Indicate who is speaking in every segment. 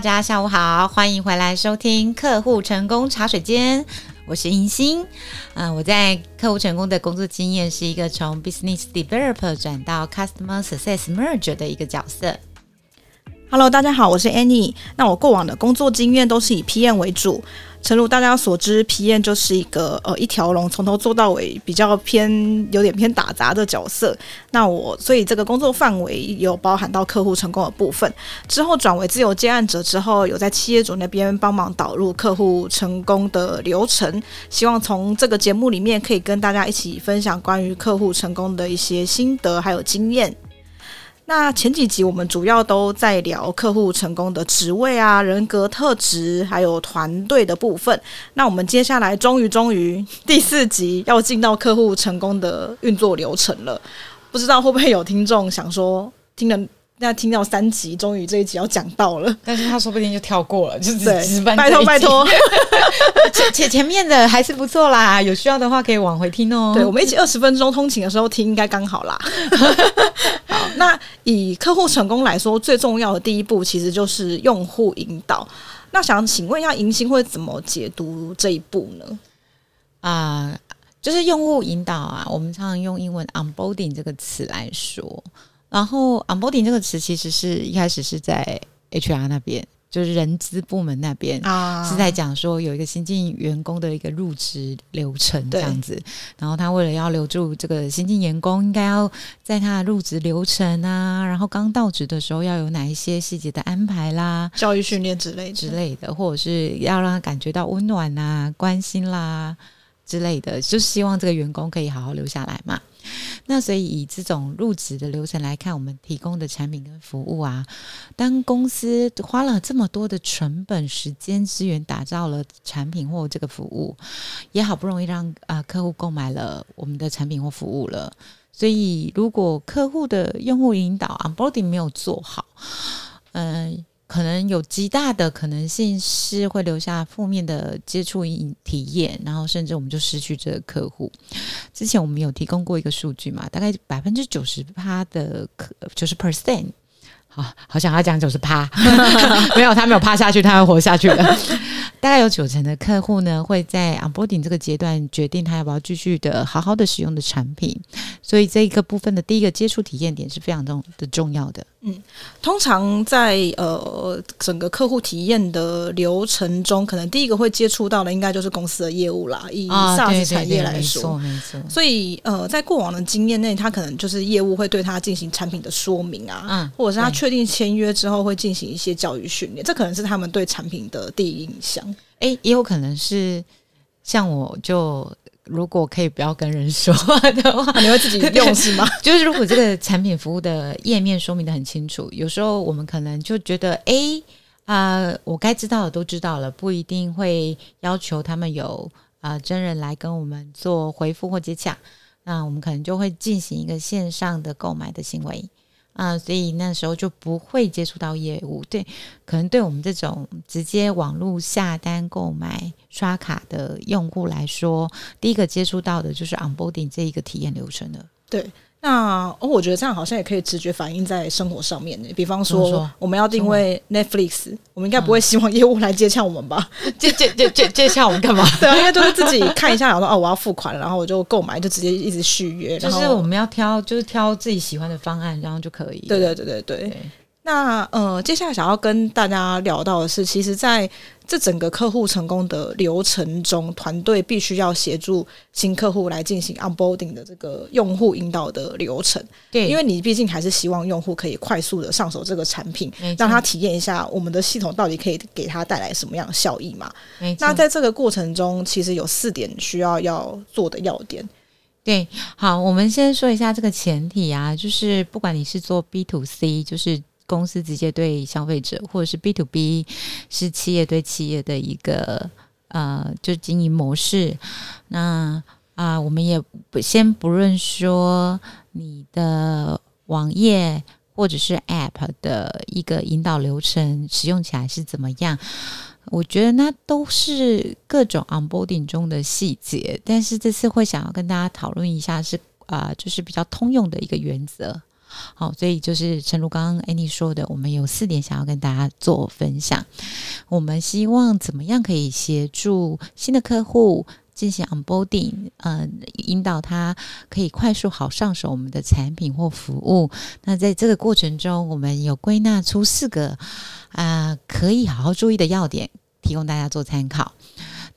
Speaker 1: 大家下午好，歡迎回來收聽客戶成功茶水間。我是銀星。嗯、呃，我在客戶成功的工作經驗是一個從 business developer 轉到 customer success manager 的一個角色。
Speaker 2: Hello，大家好，我是 Annie。那我過往的工作經驗都是以 PM 為主，誠如大家所知，PM 就是一個呃一條龍從頭做到尾，比較偏有點偏打雜的角色。那我所以這個工作範圍有包含到客戶成功的部分。之後轉為自由接案者之後，有在企業主那邊幫忙導入客戶成功的流程。希望從這個節目裡面可以跟大家一起分享關於客戶成功的一些心得還有經驗。那前幾集我們主要都在聊客戶成功的職位啊、人格特質，還有團隊的部分。那我們接下來終於終於第四集要進到客戶成功的運作流程了，不知道會不會有聽眾想說，聽的？那聽到三集，終於這一集要講到了，但是他說不定就跳過了，就是這一集，拜託拜託， 前前面的還是不錯啦，有需要的話可以往回聽哦、喔。對我們一起二十分鐘通勤的時候聽，應該剛好啦。 好，那以客戶成功來說，最重要的第一步其實就是用戶引導。
Speaker 1: 那想請問一下，迎新會怎麼解讀這一步呢？啊、呃，就是用戶引導啊，我們常常用英文 onboarding 這個詞來說。然後，嗯，onboarding 這個詞其實是一開始是在 HR 那邊，就是人資部門那邊、啊、是在講說有一個新進員工的一個入職流程對這樣子。然後他為了要留住這個新進員工，應該要在他的入職流程啊，然後剛到職的時候要有哪一些細節的安排啦、教育訓練之類之類的之類的，或者是要讓他感覺到溫暖吶、啊、關心啦之類的，就是希望這個員工可以好好留下來嘛。那所以以這種入職的流程來看，我們提供的產品跟服務啊，當公司花了這麼多的成本、時間資源，打造了產品或這個服務，也好不容易讓啊、呃、客戶購買了我們的產品或服務了。所以如果客戶的用戶引導啊 onboarding 沒有做好，嗯、呃。可能有極大的可能性是會留下負面的接觸體驗，然後甚至我們就失去這個客戶。之前我們有提供過一個數據嘛，大概百分之九十八的客，就是 percent。好像他講就是趴， 沒有，他沒有趴下去，他要活下去了。 大概有九成的客戶呢，會在 onboarding 這個階段決定他要不要繼續的好好的使用的產品。所以這一個部分的第一個接觸體驗點是非常重的重要的。
Speaker 2: 嗯，通常在呃整個客戶體驗的流程中，可能第一個會接觸到的應該就是公司的業務啦，以 SaaS、啊、產業來說。沒錯沒錯。所以呃在過往的經驗內，他可能就是業務會對他進行產品的說明啊，嗯，或者是他。確定簽約之後會進行一些教育訓練，這可能是他們對產品的第一印象。
Speaker 1: 誒、欸，也有可能是像我就如果可以不要跟人說的話，啊、你會自己用是嗎？就是如果這個產品服務的頁面說明得很清楚，有時候我們可能就覺得，誒、欸、啊、呃，我該知道的都知道了，不一定會要求他們有啊、呃、真人來跟我們做回覆或接洽，那我們可能就會進行一個線上的購買的行為。啊、嗯，所以那時候就不會接觸到業務，對，可能對我們這種直接網絡下單購買刷卡的用戶來說，第一個接觸到的就是 onboarding 這一個體驗流程的。
Speaker 2: 對，那哦，我覺得這樣好像也可以直覺反映在生活上面，比方說，說我們要定位 Netflix，活我們應該不會希望業務來接洽我們吧？嗯、
Speaker 1: 接接接接洽我們幹嘛？對啊，因為都是自己看
Speaker 2: 一下，然後 啊，我要付款，然後我就購買，就直接一直續約。就是我們要挑，就是挑自己喜歡的方案，然後就可以。對對對對對。對對那呃，接下來想要跟大家聊到的是，其實在這整個客戶成功的流程中，團隊必須要協助新客戶來進行 onboarding 的這個用戶引導的流程。對，因為你畢竟還是希望用戶可以快速的上手這個產品，沒錯。讓他體驗一下我們的系統到底可以給他帶來什麼樣的效益嘛。
Speaker 1: 沒錯。那在
Speaker 2: 這個過程中，其實有四點需要要做的要點。
Speaker 1: 對，好，我們先說一下這個前提啊，就是不管你是做 B to C，就是公司直接對消費者，或者是 B to B，是企業對企業的一個呃，就經營模式。那啊、呃，我們也不先不論說你的網頁或者是 App 的一個引導流程，使用起來是怎麼樣，我覺得那都是各種 Onboarding 中的細節。但是這次會想要跟大家討論一下是，是、呃、啊，就是比較通用的一個原則。好，所以就是誠如剛剛 Annie 說的，我們有四點想要跟大家做分享，我們希望怎麼樣可以協助新的客戶進行 onboarding？嗯，引導他可以快速好上手我們的產品或服務。那在這個過程中，我們有歸納出四個啊、呃、可以好好注意的要點，提供大家做參考。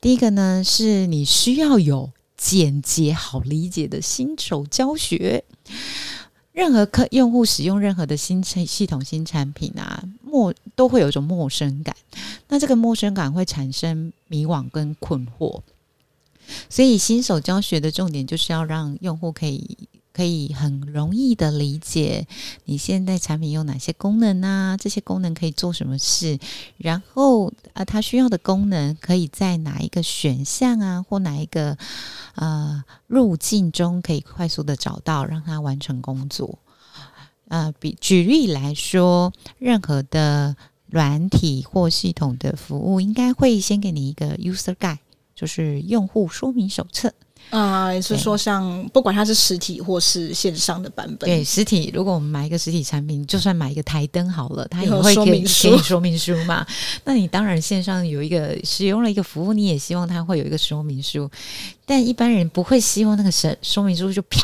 Speaker 1: 第一個呢，是你需要有簡潔好理解的新手教學。任何客用戶使用任何的新產系統新產品啊，陌都會有一種陌生感，那這個陌生感會產生迷惘跟困惑，所以新手教學的重點就是要讓用戶可以可以很容易的理解你現在產品有哪些功能啊，這些功能可以做什麼事，然後啊，他、呃、需要的功能可以在哪一個選項啊，或哪一個。呃，入境中可以快速的找到，讓他完成工作。呃，比舉例來說，任何的軟體或系統的服務，應該會先給你一個 User Guide，就是用戶說明手冊。
Speaker 2: 啊、呃，也是說像，像對不管它是實體或是線上的版本，對，
Speaker 1: 實體，如果我們買一個實體產品，就算買一個台燈好了，它也會給你說,說明書嘛？那你當然線上有一個使用了一個服務，你也希望它會有一個說明書，但一般人不會希望那個說說明書就啪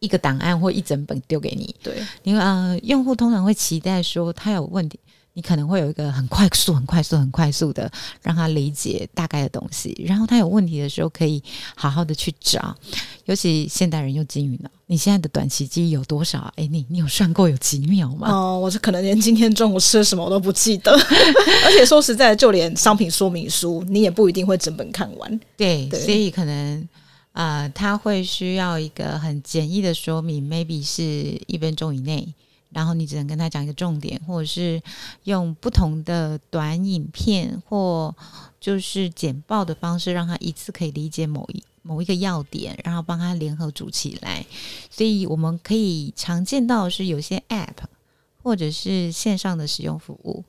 Speaker 1: 一個檔案或一整本丟給你，對，因為呃用戶通常會期待說他有問題。你可能會有一個很快速、很快速、很快速的讓他理解大概的東西，然後他有問題的時候可以好好的去找。尤其現代人又金魚了，你現在的短期記憶有多少？誒，你你有算過有幾秒嗎？
Speaker 2: 哦，我是可能連今天中午吃的什麼我都不記得， 而且說實在的，就連商品說明書你也不一定會整本看完。
Speaker 1: 對，對所以可能啊，他、呃、會需要一個很簡易的說明，maybe 是一分鐘以內。然後你只能跟他講一個重點，或者是用不同的短影片，或就是簡報的方式，讓他一次可以理解某一某一個要點，然後幫他聯合組起來。所以我們可以常見到是有些 App 或者是線上的使用服務，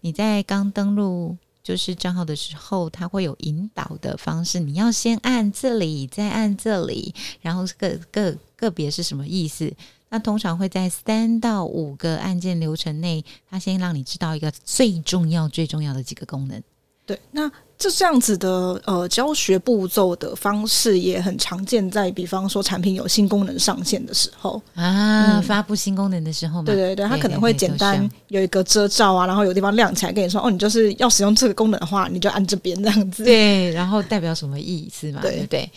Speaker 1: 你在剛登錄就是賬號的時候，它會有引導的方式，你要先按這裡，再按這裡，然後各個個別是什麼意思？他通常會在三到五個按鍵流程內，他先讓你知道一個最重要、最重要的幾個功能。
Speaker 2: 對，那這這樣子的呃教學步驟的方式也很常見，在比方說產品有新功能上線的時候
Speaker 1: 啊，嗯、發布新功能的時
Speaker 2: 候嗎？對對對，對對對，它可能會簡單對對對，有一個遮罩啊，然後有地方亮起來跟你說，哦，你就是要使用這
Speaker 1: 個功能的話，你就按這邊這樣子，對，然後代表什麼意思嘛，對對，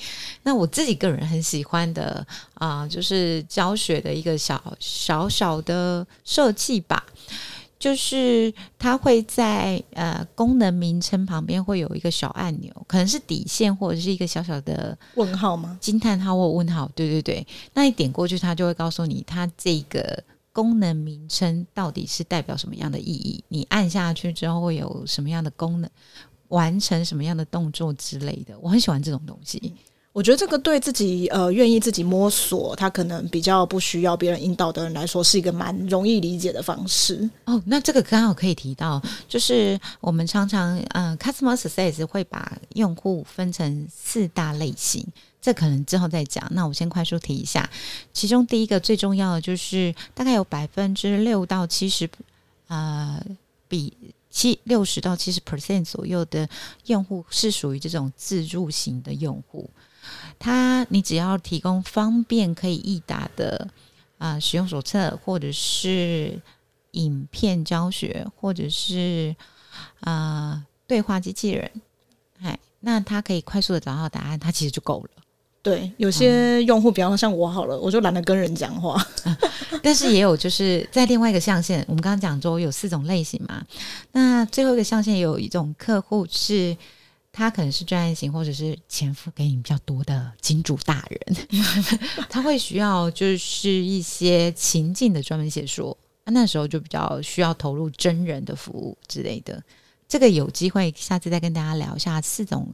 Speaker 1: 那我自己個人很喜歡的啊、呃，就是教學的一個小小小的設計吧。就是它會在呃功能名稱旁邊會有一個小按鈕，可能是底線或者是一個小小的問號嗎？驚嘆號或問號？問號，對對對，那你點過去，它就會告訴你它這個功能名稱到底是代表什麼樣的意義？你按下去之後會有什麼樣的功能？完成什麼樣的動作之類的。我很喜歡這種東西。嗯。我覺得這個
Speaker 2: 對自己呃願意自己摸索，他可能比較不需要別人引導的人來說，是一個蠻
Speaker 1: 容易理解的方式。哦，那這個剛好可以提到，就是我們常常呃，Customer Success 會把用戶分成四大類型，這可能之後再講。那我先快速提一下，其中第一個最重要的就是大概有百分之六到七十，呃，比七六十到七十 percent 左右的用戶是屬於這種自助型的用戶。他，它，你只要提供方便可以易達的啊、呃、使用手冊，或者是影片教學，或者是啊、呃、對話機器人，哎，那他可以快速的找到答案，他其實就夠了。對，有些用戶比方說像我好了，嗯、我就懶得跟人講話、嗯。但是也有就是在另外一個象限， 我們剛剛講說有四種類型嘛，那最後一個象限有一種客戶是。他可能是專業型，或者是錢付給你比較多的金主大人， 他會需要就是一些情境的專門寫說，那時候就比較需要投入真人的服務之類的。這個有機會下次再跟大家聊一下四種。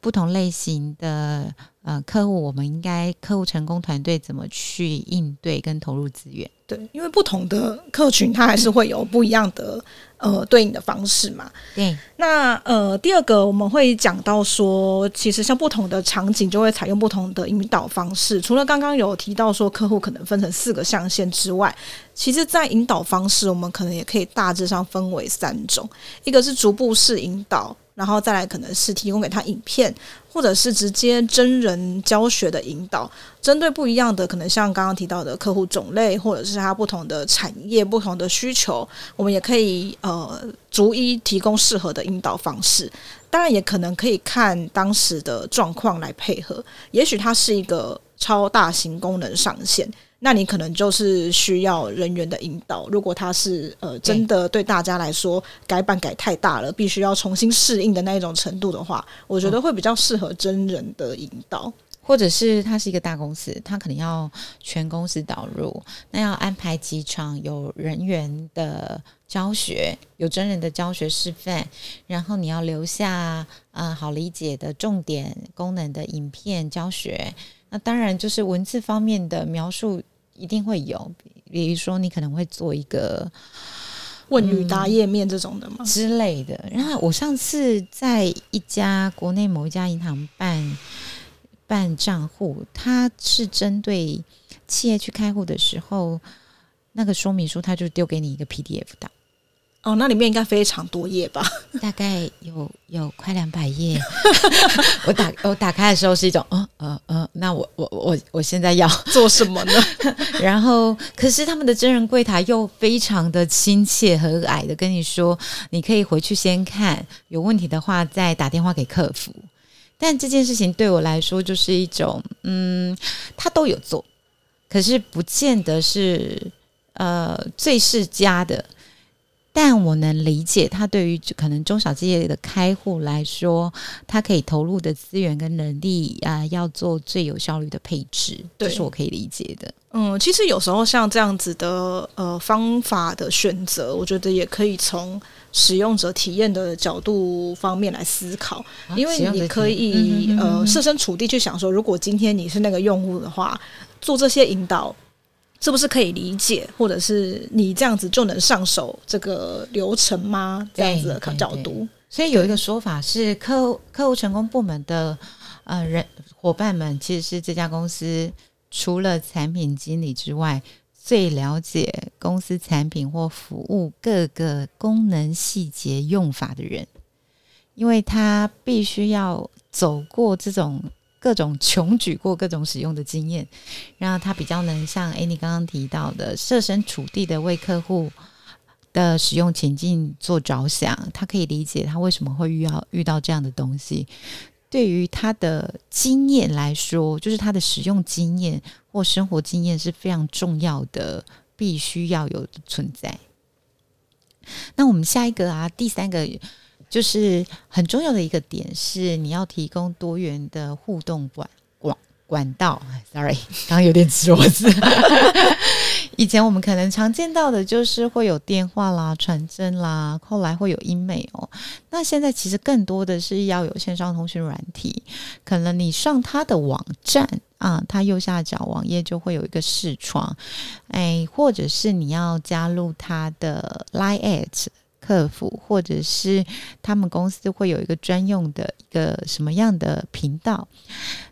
Speaker 1: 不同類型的呃客戶，我們應該客戶成功團隊怎麼去應對跟投入資源？對，因為不同
Speaker 2: 的客群，它還是會有不一樣的 呃對應的方式嘛。對，那呃第二個我們會講到說，其實像不同的場景，就會採用不同的引導方式。除了剛剛有提到說客戶可能分成四個象限之外，其實，在引導方式，我們可能也可以大致上分為三種：一個是逐步式引導。然後再來，可能是提供給他影片，或者是直接真人教學的引導。針對不一樣的，可能像剛剛提到的客戶種類，或者是他不同的產業、不同的需求，我們也可以呃逐一提供適合的引導方式。當然，也可能可以看當時的狀況來配合。也許它是一個超大型功能上線。那你可能就是需要人員的引導。如果他是呃真的對大家來說、欸、改版改太大了，必須要重
Speaker 1: 新適應的那一種程度的話，我覺得會比較適合真人的引導，或者是他是一個大公司，他可能要全公司導入。那要安排幾場有人員的教學，有真人的教學示範，然後你要留下啊、呃、好理解的重點功能的影片教學。那當然就是文字方面的描述。一定會有，比如說你可能會做一個、嗯、問與答頁面這種的嗎、嗯、之類的。然後我上次在一家國內某一家銀行辦辦賬戶，它是針對企業去開戶的時候，那個說明書它就丟給你一個 PDF 檔。哦，oh, 那裡面應該非常多頁吧？大概有有快兩百頁。 我打我打開的時候是一種，嗯嗯嗯，那我我我我現在要做什麼呢？ 然後，可是他們的真人櫃檯又非常的親切和藹的跟你說，你可以回去先看，有問題的話再打電話給客服。但這件事情對我來說就是一種，嗯，他都有做，可是不見得是呃最佳的。但我能理解，它對於可能中小企業的開戶來說，它可以投入的資源跟能力啊，要做最有效率的配置，這對是我可以理解的。嗯，
Speaker 2: 其實有時候像這樣子的呃方法的選擇，我覺得也可以從使用者體驗的角度方面來思考，啊、因為你可以呃設身處地去想說，如果今天你是那個用戶的話，做這些引導是不是可以理解，或者是你這樣子就能上手這個流程嗎？這樣子的可角度。所以有
Speaker 1: 一個說法是，客戶客戶成功部門的呃人伙伴們，其實是這家公司除了產品經理之外，最了解公司產品或服務各個功能細節用法的人，因為他必須要走過這種。各種窮舉過各種使用的經驗，然後他比較能像安妮剛剛提到的，設身處地的為客戶，的使用情境做着想，他可以理解他為什麼會遇到遇到這樣的東西。對於他的經驗來說，就是他的使用經驗或生活經驗是非常重要的，必須要有存在。那我們下一個啊，第三個。就是很重要的一個點是，你要提供多元的互動管管管道。Sorry，剛剛有點吃螺絲。 以前我們可能常見到的就是會有電話啦、傳真啦，後來會有 email 哦。那現在其實更多的是要有線上通訊軟體。可能你上它的網站啊、嗯，它右下角網頁就會有一個視窗，哎，或者是你要加入它的 LINE@ 客服或者是他們公司會有一個專用的一個什麼樣的頻道，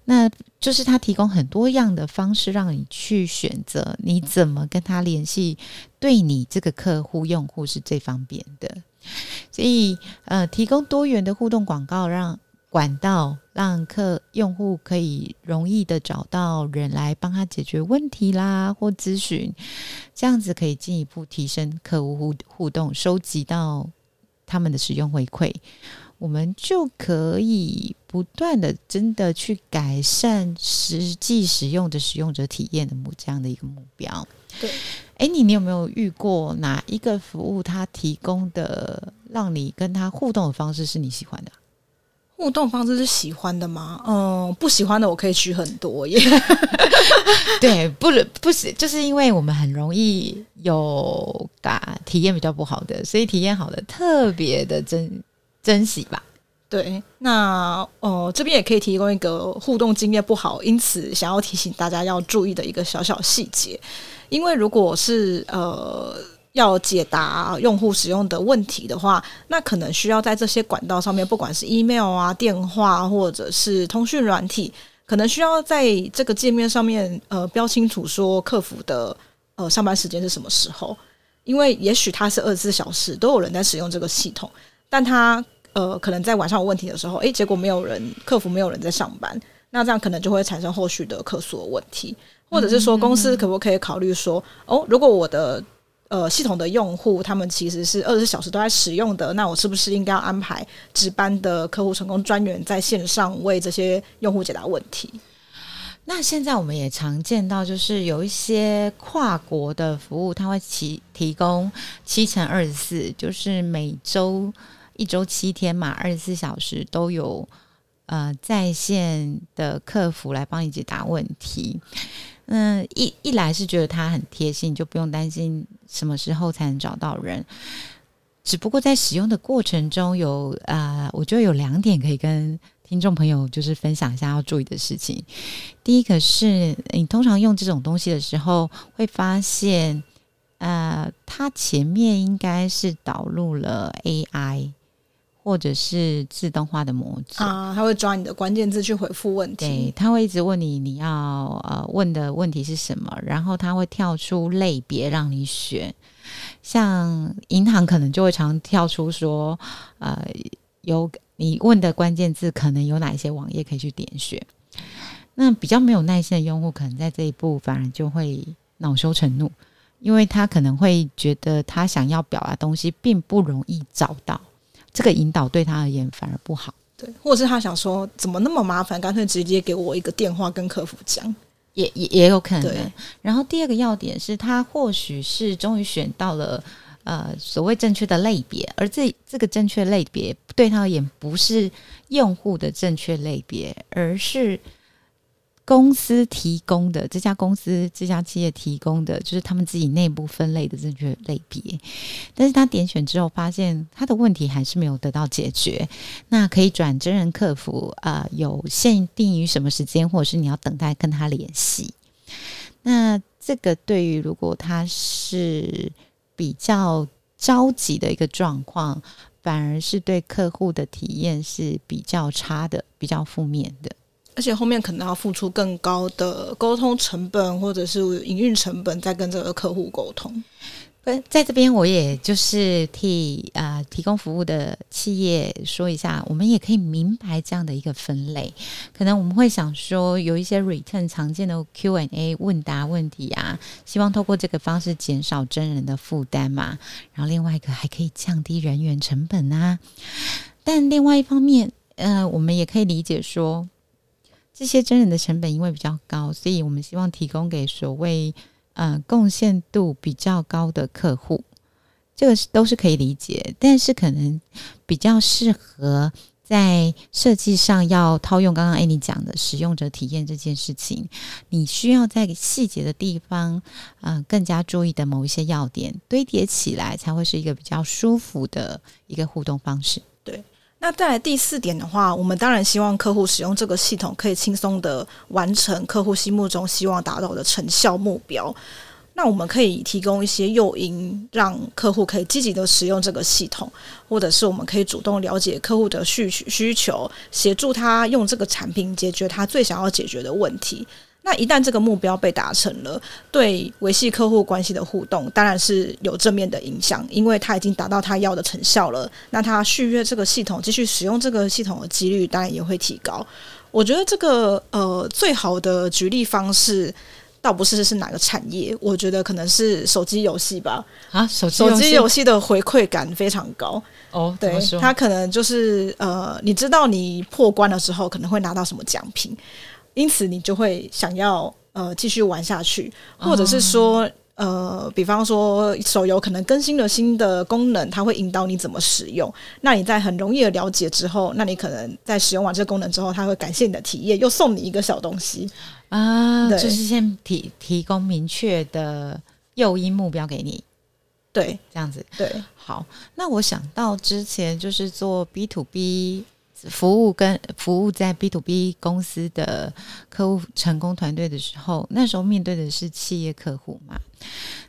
Speaker 1: 那就是他提供很多樣的方式讓你去選擇，你怎麼跟他聯繫，對你這個客戶用戶是最方便的，所以呃，提供多元的互動廣告讓。管道讓客用戶可以容易的找到人來幫他解決問題啦，或諮詢，這樣子可以進一步提升客戶互互動，收集到他們的使用回饋，我們就可以不斷的真的去改善實際使用的使用者體驗的目，這樣的一個目標。對，哎、欸，你你有沒有遇過哪一個服務？他提供的讓你跟他互動的方式是你喜歡的？
Speaker 2: 互動方式是喜歡的嗎？嗯，不喜歡的我可以取很多
Speaker 1: 耶。 對，不不是，就是因為我們很容易有感體驗比較不好的，所以體驗好的特別的珍珍惜吧。
Speaker 2: 對，那哦，呃，這邊也可以提供一個互動經驗不好，因此想要提醒大家要注意的一個小小細節，因為如果是呃。要解答用戶使用的問題的話，那可能需要在這些管道上面，不管是 email 啊、電話啊、或者是通訊軟體，可能需要在這個界面上面呃標清楚說客服的呃上班時間是什麼時候，因為也許他是二十四小時都有人在使用這個系統，但他呃可能在晚上有問題的時候，哎，結果沒有人，客服沒有人在上班，那這樣可能就會產生後續的客訴問題，或者是說公司可不可以考慮說，嗯嗯嗯，哦，如果我的呃，系統的用戶他們其實是二十四小時都在使用的，那我是不是應該要安排值班的客戶成功專員在線上為這些用戶解答問題？
Speaker 1: 那現在我們也常見到，就是有一些跨國的服務，他會提提供七乘二十四，就是每周一周七天嘛，二十四小時都有呃在線的客服來幫你解答問題。嗯，一一來是覺得它很貼心，就不用擔心什麼時候才能找到人。只不過在使用的過程中有，有呃，我覺得有兩點可以跟聽眾朋友就是分享一下要注意的事情。第一個是你通常用這種東西的時候，會發現呃，它前面應該是導入了 AI。或者是自動化的模式啊，
Speaker 2: 他會抓你的關鍵字去回復問題。對，
Speaker 1: 他會一直問你，你要呃問的問題是什麼，然後他會跳出類別讓你選。像銀行可能就會常跳出說，呃，有你問的關鍵字可能有哪一些網頁可以去點選。那比較沒有耐心的用戶，可能在這一步反而就會惱羞成怒，因為他可能會覺得他想要表達東西並不容易找到。這個引導對他而言反而不好，
Speaker 2: 對，或者是他想說怎麼那麼麻煩，乾脆直接給我一個電話跟客服
Speaker 1: 講，也也也有可能。對，然後第二個要點是他或許是終於選到了呃所謂正確的類別，而這這個正確類別對他而言不是用戶的正確類別，而是。公司提供的這家公司這家企業提供的，就是他們自己內部分類的正確類別，但是他點選之後發現他的問題還是沒有得到解決，那可以轉真人客服啊、呃，有限定於什麼時間，或者是你要等待跟他聯繫。那這個對於如果他是比較着急的一個狀況，反而是對客戶的體驗是比較差的，比較負面的。
Speaker 2: 而且後面可能要付出更高的溝通成本，或者是營運成本，在跟這個客戶溝通。
Speaker 1: 在對在這邊，我也就是替呃提供服務的企業說一下，我們也可以明白這樣的一個分類。可能我們會想說，有一些 return 常見的 Q&A 問答問題啊，希望透過這個方式減少真人的負擔嘛。然後另外一個還可以降低人員成本啊。但另外一方面，呃，我們也可以理解說。這些真人的成本因為比較高，所以我們希望提供給所謂嗯、呃、貢獻度比較高的客戶，這個是都是可以理解。但是可能比較適合在設計上要套用剛剛艾妮講的使用者體驗這件事情，你需要在細節的地方，嗯、呃，更加注意的某一些要點堆疊起來，才會是一個比較舒服的一個互動方式。對。那
Speaker 2: 再來第四點的話，我們當然希望客戶使用這個系統可以輕鬆的完成客戶心目中希望達到的成效目標。那我們可以提供一些誘因，讓客戶可以積極的使用這個系統，或者是我們可以主動了解客戶的需需求，協助他用這個產品解決他最想要解決的問題。那一旦這個目標被達成了，對維繫客戶關係的互動當然是有正面的影響，因為他已經達到他要的成效了。那他續約這個系統，繼續使用這個系統的幾率當然也會提高。我覺得這個呃，最好的舉例方式倒不是是哪個產業，我覺得可能是手機遊戲吧。
Speaker 1: 啊，手機，手機遊戲
Speaker 2: 的回饋感非常高
Speaker 1: 哦。對，他
Speaker 2: 可能就是呃，你知道你破關的時候可能會拿到什麼獎品。因此，你就會想要呃繼續玩下去，或者是說，哦、呃，比方說手遊可能更新了新的功能，它會引導你怎麼使用。那你在很容易的了解之後，那你可能在使用完這個功能之後，它會感謝你的體驗，又送你一個小東西啊，
Speaker 1: 對就是先提提供明確的誘因目標給你，對，這樣子，對，好，那我想到之前就是做 B to B。服務跟服務在 B to B 公司的客戶成功團隊的時候，那時候面對的是企業客戶嘛，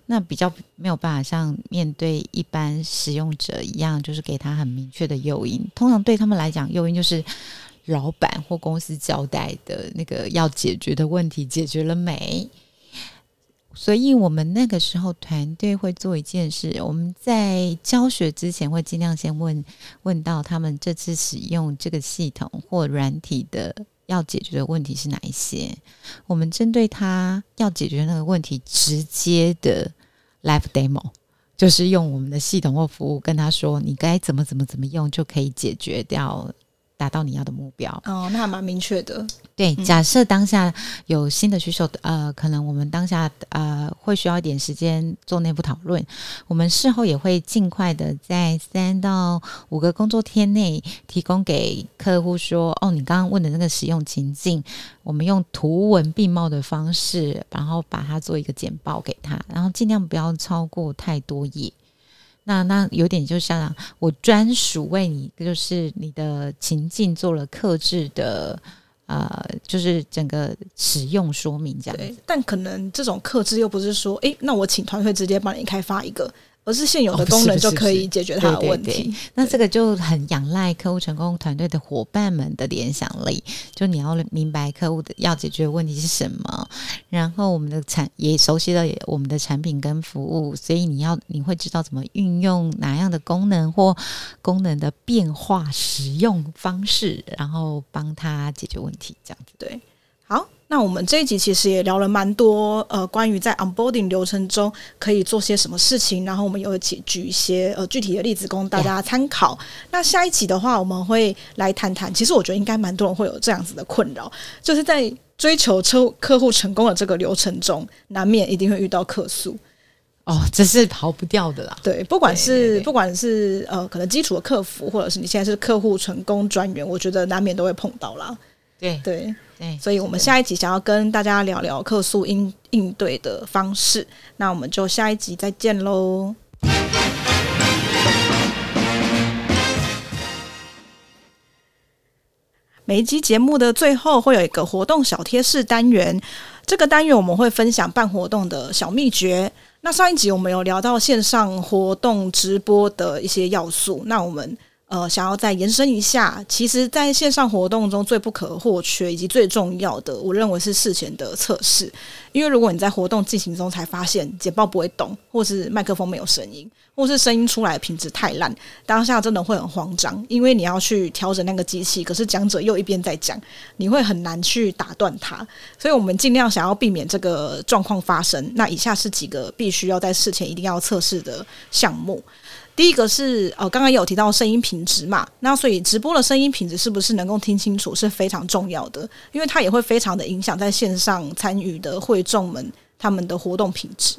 Speaker 1: 那比較沒有辦法像面對一般使用者一樣，就是給他很明確的誘因。通常對他們來講，誘因就是老板或公司交代的那個要解決的問題，解決了沒。所以我們那個時候團隊會做一件事，我們在教學之前會盡量先問問到他們這次使用這個系統或軟體的要解決的問題是哪一些，我們針對他要解決那個問題，直接的 live demo 就是用我們的系統或服務跟他說，你該怎麼怎麼怎麼用就可以解決掉。達到你要的目
Speaker 2: 標哦，那還蠻明確的。
Speaker 1: 對，嗯，假設當下有新的需求，呃，可能我們當下呃會需要一點時間做內部討論。我們事後也會盡快的在三到五個工作天內提供給客戶說：哦，你剛剛問的那個使用情境，我們用圖文並茂的方式，然後把它做一個簡報給他，然後儘量不要超過太多頁。那那有點就像我專屬為你，就是你的情境做了客製的，呃，就是整個使用說明這樣子。對，
Speaker 2: 但可能這種客製又不是說，哎、欸，那我請團隊直接幫你開發一個。
Speaker 1: 而是現有的功能就可以解決它的問題。那這個就很仰賴客戶成功團隊的伙伴們的聯想力。就你要明白客戶的要解決的問題是什麼，然後我們的產也熟悉了我們的產品跟服務，所以你要你會知道怎麼運用哪樣的功能或功能的變化使用方式，然後幫他解決問題這樣子。對，
Speaker 2: 好。那我們這一集其實也聊了蠻多，呃，關於在 onboarding 流程中可以做些什麼事情，然後我們有舉舉一些呃具體的例子供大家參考。啊、那下一集的話，我們會來談談，其實我覺得應該蠻多人會有這樣子的困擾，就是在追求客戶成功的這個流程中，難免一定會遇到客訴。
Speaker 1: 哦，這是逃不掉的啦。
Speaker 2: 對，不管是對對對，不管是呃，可能基礎的客服，或者是你現在是客戶成功專員，我覺得難免都會碰到啦。對對。對所以，我們下一集想要跟大家聊聊客訴應應對的方式，那我們就下一集再見嘍。每一集節目的最後會有一個活動小貼士單元，這個單元我們會分享辦活動的小秘訣。那上一集我們有聊到線上活動直播的一些要素，那我們。呃，想要再延伸一下，其實在線上活動中最不可或缺以及最重要的，我認為是事前的測試。因為如果你在活動進行中才發現簡報不會動，或是麥克風沒有聲音，或是聲音出來的品質太爛，當下真的會很慌張，因為你要去調整那個機器，可是講者又一邊在講，你會很難去打斷它。所以我們盡量想要避免這個狀況發生。那以下是幾個必須要在事前一定要測試的項目。第一個是呃，剛剛有提到聲音品質嘛，那所以直播的聲音品質是不是能夠聽清楚是非常重要的，因為它也會非常的影響在線上參與的會眾們他們的活動品質。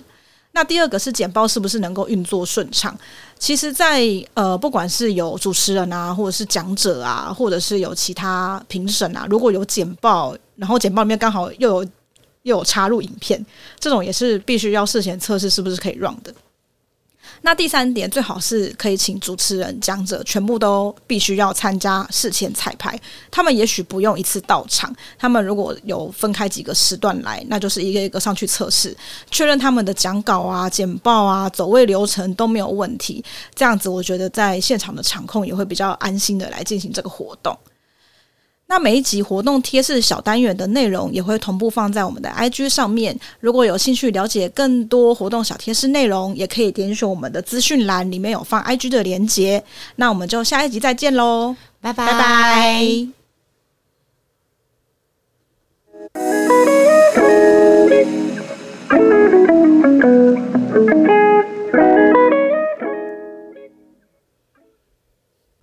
Speaker 2: 那第二個是簡報是不是能夠運作順暢？其實在，在呃，不管是有主持人啊，或者是講者啊，或者是有其他評審啊，如果有簡報，然後簡報裡面剛好又有又有插入影片，這種也是必須要事前測試是不是可以 run 的。那第三點，最好是可以請主持人、講者全部都必須要參加事前彩排。他們也許不用一次到場，他們如果有分開幾個時段來，那就是一個一個上去測試，確認他們的講稿啊、簡報啊、走位流程都沒有問題。這樣子，我覺得在現場的場控也會比較安心的來進行這個活動。那每一集活動貼士小單元的內容也會同步放在我們的 IG 上面。如果有興趣了解更多活動小貼士內容，也可以點選我們的資訊欄，裡面有放 IG 的連結。那我們就下一集再見嘍，拜拜拜。Bye bye